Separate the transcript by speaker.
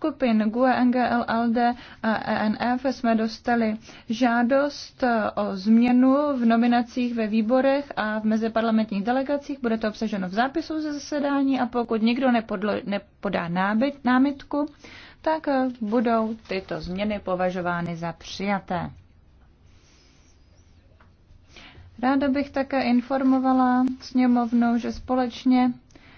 Speaker 1: skupin GUE, NGL, ALDE a ENF jsme dostali žádost eh, o změnu v nominacích ve výborech a v meziparlamentních delegacích. Bude to obsaženo v zápisu ze zasedání a pokud nikdo nepodlo, nepodá nábyt, námitku, tak eh, budou tyto změny považovány za přijaté. Ráda bych také informovala sněmovnou, že
Speaker 2: společně